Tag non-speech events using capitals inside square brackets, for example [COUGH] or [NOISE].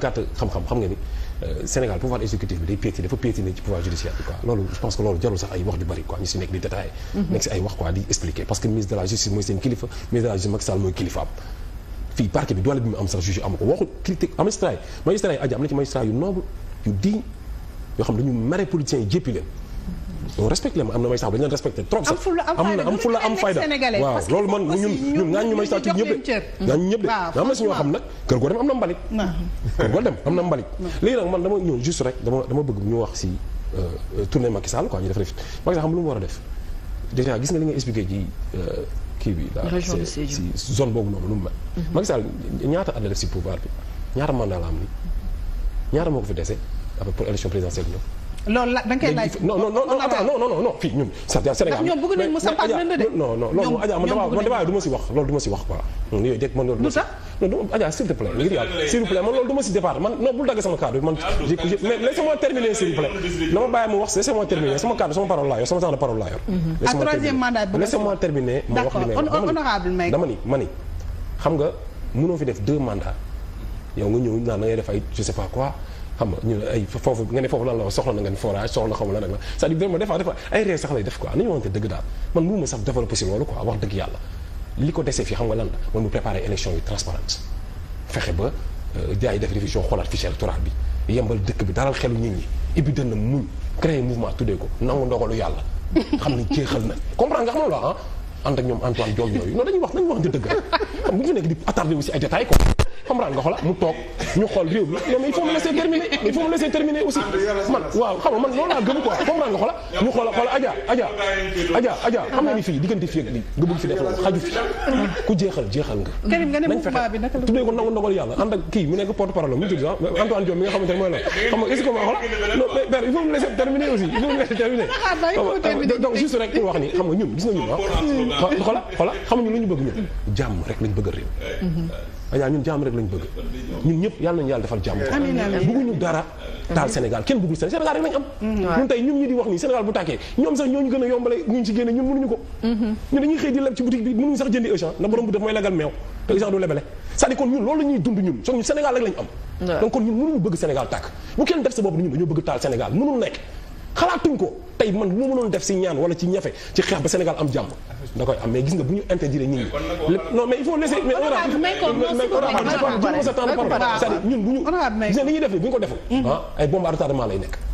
gàtt xam-xam xam nga ni euh, Sénégal pouvoir exécutif bi day piétiner dafa piétiner ci pouvoir judiciaire bi quoi loolu je pense que loolu jarul sax ay wax ju bari quoi ñu si nekk di détaillé mhm. nekk si ay wax quoi di expliquer parce que ministre de la justice mooy seen kilifa ministre de la justice Macky Sall mooy kilifaam fii parquet bi doole bi mu am sax juge amu ko waxu critique magistrat yi magistrat yi aji am na ci magistrat yu noble yu digne yoo xam dañu mere politiciens non respecté la am na magistrature dañu leen respecté trop sax. am na am fulla am fayda waaw loolu man ñun ñun ngaa ñu magistrature ñëpp de ngaa ñu ñëpp de am na si ñoo xam nag kër goo dem [LAUGHS] man rek dama dama bëgg ñu wax si euh, tournée Macky Sall quoi ñu def rek Macky Sall a def déjà gis nga li nga expliqué euh, kii bi daal si zone boobu noonu lu mu mel mhm. Macky Sall ñaata at la def si pouvoir bi ñaata mandat la am ni ñaata moo ko fi dese après pour élection présidentielle bi ñëw loolu la da nga koy laaj. non non non non non non fii ñun. Sénégal ñoom bëgg nañ mu sampaat lënd de. non non loolu Adja man damaa man damaa du ma si wax loolu du ma si wax quoi. yooyu xam nga mënoo fi def deux mandats yow nga ñëw naan da ngay def ay je sais quoi xam nga ñu ne ay foofu nga ne foofu lan la wax soxla na nga ne forage lan la wax dëgg yàlla li ko desee fii xam nga lan la mooy mu préparer élection yu transparente fexe ba jaay euh, def révision xoolaat fichier électoral bi yembal dëkk bi dalal xelu nit ñi ibbi dënn muñ créer mouvement tuddee ko nangu ndogalu yàlla xam ni jeexal na comprendre nga xam nga lu wax ah yooyu non dañuy wax nañu wax dëgg rek xam bu ñu nekk di attardé wu ay détails quoi comprendre nga xola mu toog ñu xool réew mi non mais il faut me laisser terminer il aussi man waaw xam man loolu laa gëm quoi comprendre nga xola ñu xoola xoola Adja Adja Adja bëgg fi def la tuddee ko nangu ndogal ah, ma [LAUGHS] ah, rek pour wax ni xam ñun gis rek rek lañ bëgg ñun ñëpp yàlla nañu yàlla defal jàmm bëgguñu dara taal Sénégal kenn bëggul Sénégal rek lañ am mm, ñun a mm-hmm. borom bu def mooy legal meew te Auchan du lebale c'est-à-dire kon ñun loolu la dund ñun so ñun Sénégal rek am donc kon ñun mënuñu bëgg Sénégal tàkk bu kenn def sa bopp ñun dañoo bëgg taal Sénégal mënul nekk xalaatuñ ko tey man bu ma mënoon def si ñaan wala ci ñafe ci xeex ba Sénégal am jàmm da koy am mais gis nga bu ñu interdire nit ñi non mais il faut laisser mais ñun bu ñu gis nga li ñuy def ni bu ñu ko deful mm-hmm. ah ay bombe à retardement lay nekk